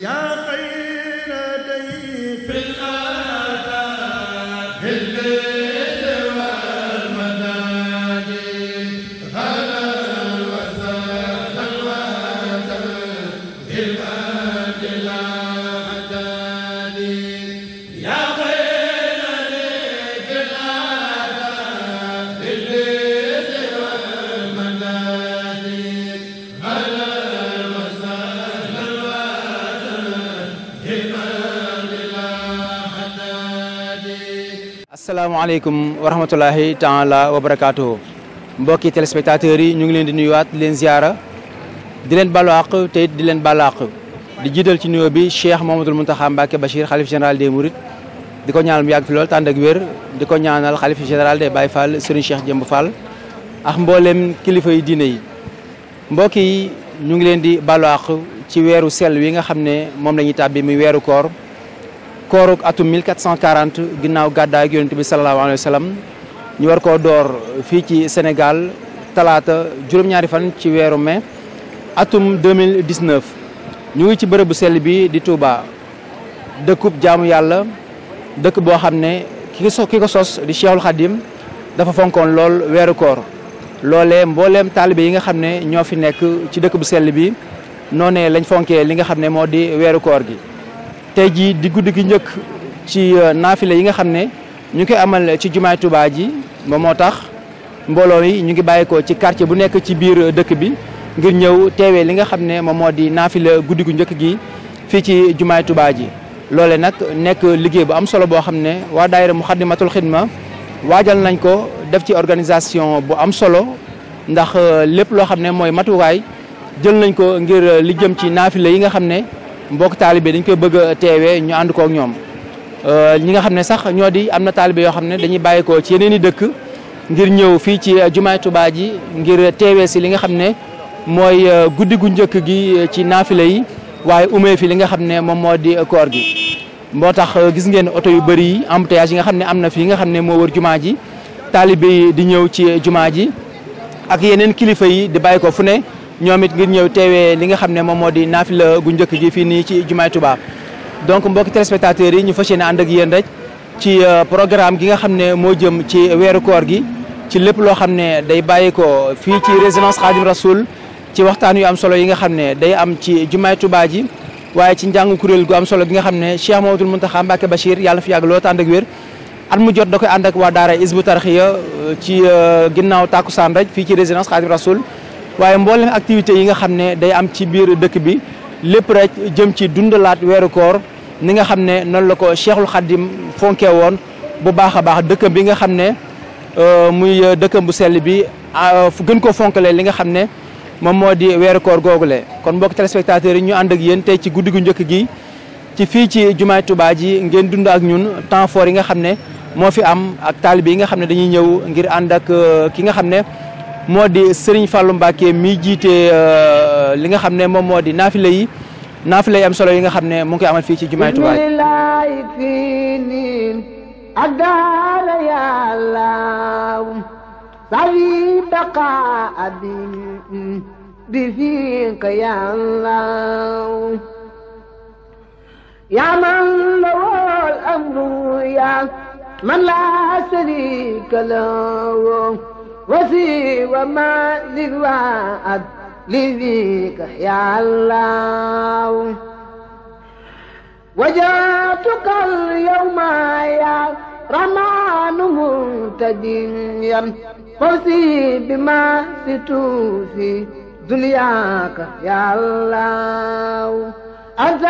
yaa asalaamaaleykum wa rahmatulahi taala wa barakaatuhu mbokki téléspectateurs yi ñu ngi leen di nuyuwaat di leen ziara di leen balwaq te it di leen balwaq di jiital ci nuyoo bi Cheikh Mamadou Mountakha Mbacké Bachir xalif général des Mourides di ko ñaanal mu yàgg fi lool tànd ak wér di ko ñaanal xalif général de Baye Fall Serigne Cheikh Jëmb Fall ax mbooleem kilifa yi diine yi mbokk yi ñu ngi leen di balwaq ci weeru sel wi nga xam ne moom la ñuy tàbbi muy weeru koor kooruk atum 1440 ginnaaw gàddaay ak yonent bi salallaahu alayhi wa sallam ñu war koo door fii ci Sénégal talaata juróom-ñaari fan ci weeru mai atum 2019 ñu ngi ci bu sell bi di Touba dëkkub jaamu yàlla dëkk boo xam ne ki so ki ko sos di Cheikhul Khadim dafa fonkoon lool weeru koor loolee mbooleem taalibe yi nga xam ne ñoo fi nekk ci dëkk bu sell bi noonee lañ fonkee li nga xam ne moo di weeru koor gi tey jii di guddi gi njëkk ci euh, naafile yi nga xam ne ñu koy amal ci jumaay Touba ji moom moo tax mbooloo yi ñu ngi bàyyeekoo ci quartier bu nekk ci biir euh, dëkk bi ngir ñëw teewee li nga xam ne moom moo di naafile guddi gu njëkk gi fii ci jumaay Touba ji loole nag nekk liggéey bu am solo boo xam ne waa daayira Muxaddamatul Xidma waajal nañ ko def ci organisation bu am solo ndax euh, lépp loo xam ne mooy matuwaay jël nañ ko ngir li jëm ci naafile yi nga xam ne mbokk taalibe dañ koy bëgg teewe teewee ñu ànd kook ñoom euh, ñi nga xam ne sax ñoo di am na taalibe yoo xam ne dañuy bàyyikoo ci yeneen i dëkk ngir ñëw fii ci euh, jumaay Tuubaa ji ngir teewee si li nga xam ne mooy euh, guddi gu njëkk gi ci naafila yi waaye umee fi li nga xam ne moom moo di koor gi moo tax gis ngeen oto yu bëri yi embouteillage yi nga xam ne am na fi nga xam ne moo wër jumaa ji taalibe di ñëw ci jumaa ji ak yeneen kilifa yi di bàyyi ko fu ne ñoom it ngir ñëw teewee li nga xam ne moom moo di naafila gu njëkk gi fii nii ci jumaay Touba donc mbokki téléspectateurs yi ñu fas yéene ànd ak yéen rek ci euh, programme gi nga xam ne moo jëm ci weeru koor gi ci lépp loo xam ne day bàyyi ko fii ci résidence Khadim rasul ci waxtaan wi am solo yi nga xam ne day am ci jumaay Touba ji waaye ci njàngu kuréel gu am solo gi nga xam ne Cheikh Mamadou Mountakha Mbacké Bachir yàlla fi yàgg loo ànd ak wér at mu jot da koy ànd ak waa daara Hizbut Tarqiyyah euh, ci euh, ginnaaw tàkkusaan rek fii ci résidence Khadim waaye mboolem activité yi nga xam ne day am ci biir dëkk bi lépp rek jëm ci dundalaat weeru koor ni nga xam ne noonu la ko Cheikhul Khadim fonkee woon bu baax a baax dëkkam bi nga xam ne euh, muy dëkkam bu sell bi gën ko fonkale li nga xam ne moom moo di weeru googu le kon mbokk téléspectateurs yi ñu ànd ak yéen tey ci guddi njëkk gi ci fii ci jumaay Tuubaa ji ngeen dund ak ñun temps yi nga xam ne moo fi am ak taalibe yi nga xam ne dañuy ñëw ngir ànd ak euh, ki nga xam ne moo di Serigne Fallou Mbacké mii jiite euh, li nga xam ne moom moo di naafila yi am solo yi nga xam ne mu ngi koy amal fii ci jumaay Tuubaa ji man laa sharika lahu وسي وما للوعد لذيك يا الله وجاتك اليوم يا رمان منتجيا فوزي بما ستوفي دنياك يا الله أنت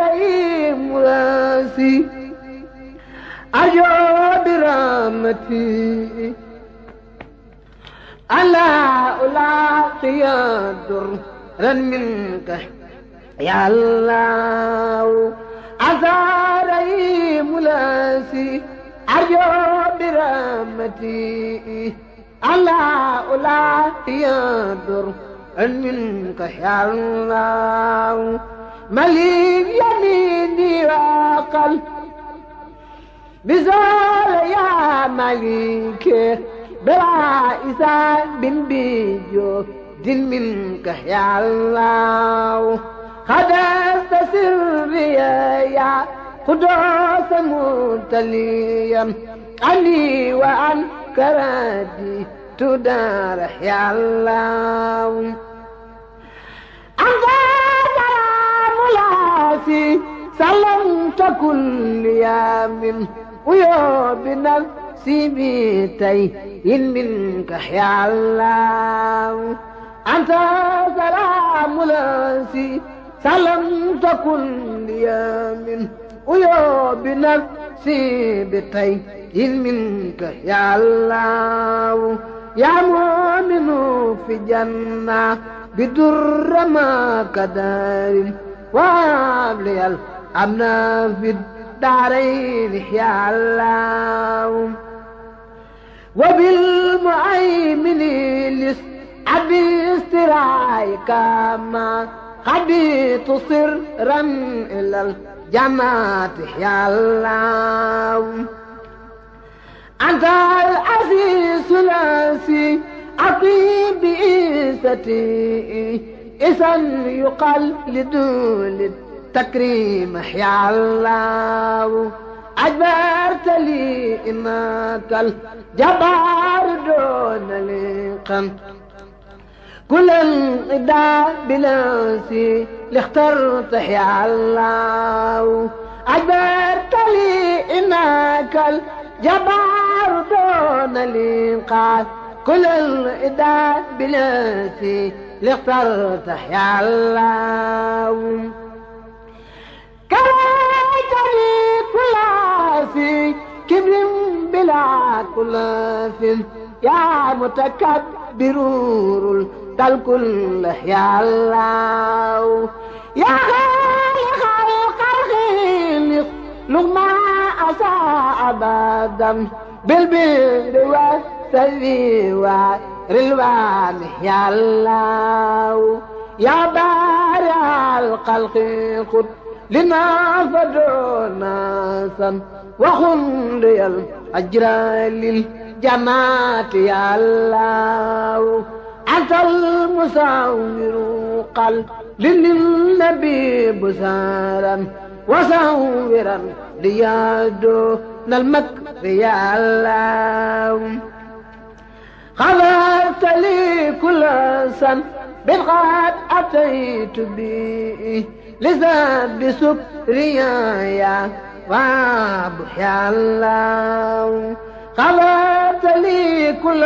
رئيم راسي أجو برامتي ألا ألاقي درا منك يا الله أزاري ملاسي أرجو برحمتي ألا ألاقي درا منك يا الله مليك يميني وقلبي بزال يا مليك بلا إساب بيجو دل منك يا الله خدست سري يا قدوس متليا علي وعن كرادي تدار يا الله أنت سلام لاسي سلمت كل يوم ويوم بنفسي نصيبي تين منك يا الله أنت سلام لاسي سلام تكن لي من ويا بنفسي بتين منك يا الله يا مؤمن في جنة بدر ما كدار وابلي الأمن في الدارين يا الله وبالمعيمن لس أبي استرايك ما خبيت سرا إلى الجماعة يا الله أنت العزيز الأسي أطيب بإيستي إذا يقال لدول التكريم يا الله أجبرت لي إماك الجبار دون لقم كل انقضاء بنفسي لاخترت يا الله أجبرت لي إنك الجبار دون الإنقاذ كل الإداء بنفسي لاخترت يا الله كلام طريق لا في كبر بلا كلاف يا متكبر تلك يا الله يا خالق الخلق لما أصاب الدم بالبر والسري والرلوان يا الله يا بارع الخلق خذ لنا فدوناسا وخندي الأجر للجنات يا الله أنت المساور قل للنبي بسارا وساورا ليادو المكر يا الله خذرت لي كل سن بالغد أتيت به لسبب سبريايا وابح يا الله خلقت لي كل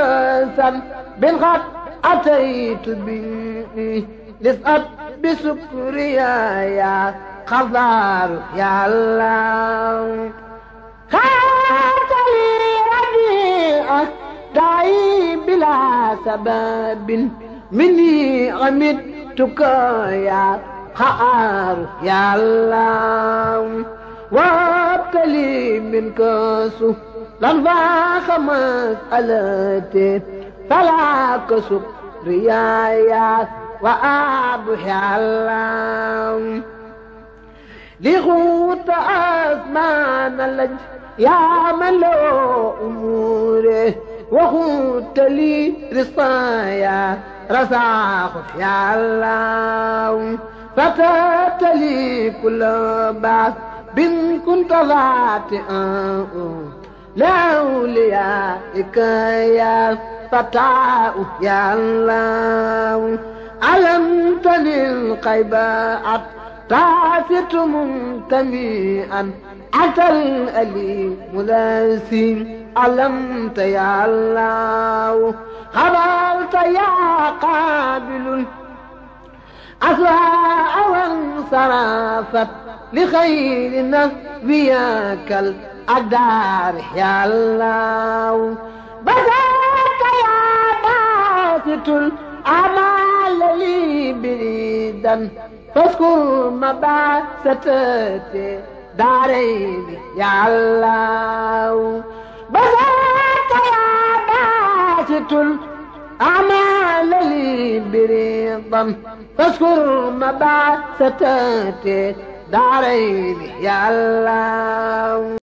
سب بالغد أتيت به لسبب بسكريايا خضار يا الله خلقت لي ربيعك دعي بلا سبب مني عمدتك يا xaar yàlla وابتلي من كاسو لنفا خمس ألتي فلا كسو ريايا وأبحي الله لغوت أزمان لج يا من له أموره وغوت لي رصايا رساخ يا الله فتات لي كل بعث بن كنت ذاتئا لأوليائك يا فتاة يا الله علمتني القيبات تعفت منتميئا أتى الأليم لاسين علمت يا الله خبرت يا قابل عسى وانصرفت لخير نبيك الأقدار يا الله بذاك يا باسط الأمال لي بريدا فاذكر مباستي دارين يا الله بذاك يا باسط الأمال أعمال لي بريضا فاذكر مبعثتاتي دارين يا الله